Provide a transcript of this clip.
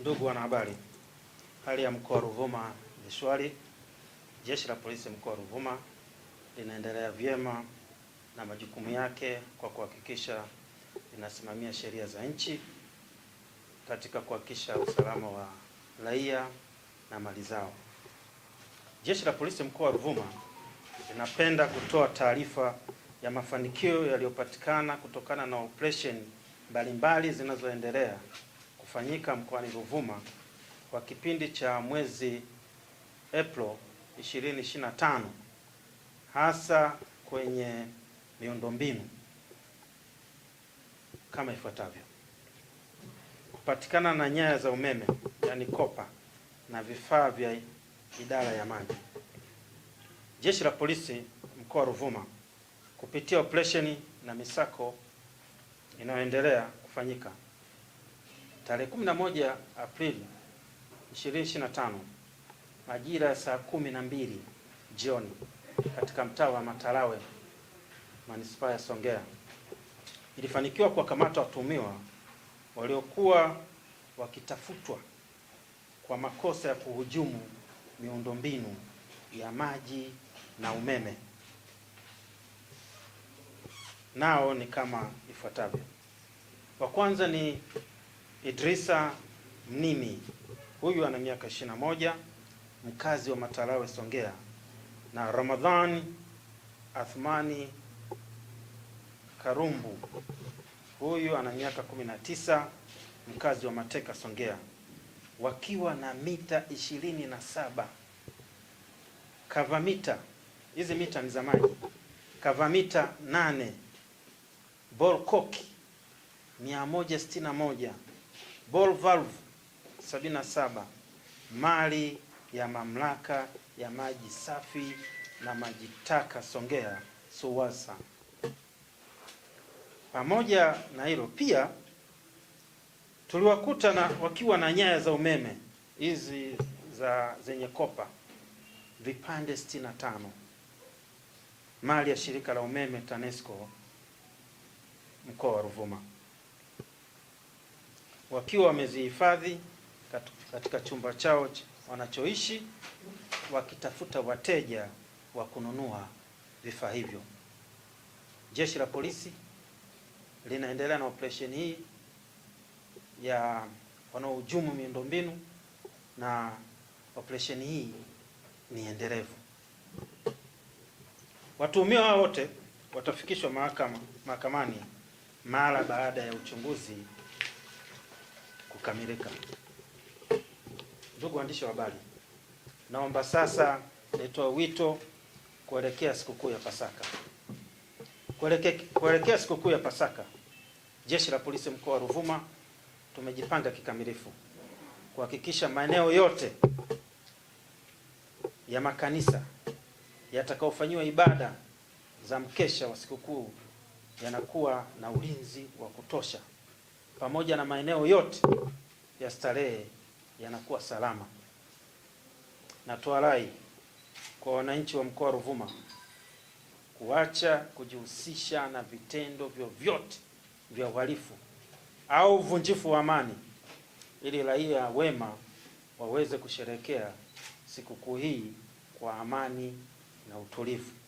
Ndugu wanahabari, hali ya mkoa wa Ruvuma ni shwari. Jeshi la Polisi mkoa wa Ruvuma linaendelea vyema na majukumu yake kwa kuhakikisha linasimamia sheria za nchi katika kuhakikisha usalama wa raia na mali zao. Jeshi la Polisi mkoa wa Ruvuma linapenda kutoa taarifa ya mafanikio yaliyopatikana kutokana na operesheni mbalimbali zinazoendelea kufanyika mkoani Ruvuma kwa kipindi cha mwezi Aprili 2025 hasa kwenye miundombinu kama ifuatavyo: kupatikana na nyaya za umeme yani kopa na vifaa vya idara ya maji. Jeshi la Polisi mkoa wa Ruvuma kupitia operesheni na misako inayoendelea kufanyika tarehe 11 Aprili 2025 majira ya saa kumi na mbili jioni katika mtaa wa Matalawe manispaa ya Songea ilifanikiwa kuwakamata watuhumiwa waliokuwa wakitafutwa kwa makosa ya kuhujumu miundombinu ya maji na umeme. Nao ni kama ifuatavyo. Wa kwanza ni Idrisa Mnimi, huyu ana miaka 21, mkazi wa Matalawe, Songea, na ramadhan Athmani Karumbu, huyu ana miaka 19, mkazi wa Mateka, Songea, wakiwa na mita 27 saba kavamita Hizi mita ni za maji, kava 8 Bolkoki 161 ball valve 77 mali ya mamlaka ya maji safi na maji taka Songea SUWASA. Pamoja na hilo pia tuliwakuta na wakiwa na nyaya za umeme hizi za zenye kopa vipande 65 mali ya shirika la umeme TANESCO mkoa wa Ruvuma wakiwa wamezihifadhi katika chumba chao wanachoishi wakitafuta wateja wa kununua vifaa hivyo. Jeshi la Polisi linaendelea na operesheni hii ya wanaohujumu miundombinu na operesheni hii ni endelevu. Watuhumiwa hao wote watafikishwa mahakama mahakamani mara baada ya uchunguzi kukamilika. Ndugu waandishi wa habari, naomba sasa nitoe wito kuelekea sikukuu ya Pasaka. Kuelekea, kuelekea sikukuu ya Pasaka, jeshi la polisi mkoa wa Ruvuma tumejipanga kikamilifu kuhakikisha maeneo yote ya makanisa yatakayofanyiwa ibada za mkesha wa sikukuu yanakuwa na ulinzi wa kutosha pamoja na maeneo yote ya starehe yanakuwa salama. Natoa rai kwa wananchi wa mkoa wa Ruvuma kuacha kujihusisha na vitendo vyovyote vya uhalifu au uvunjifu wa amani ili raia wema waweze kusherekea sikukuu hii kwa amani na utulivu.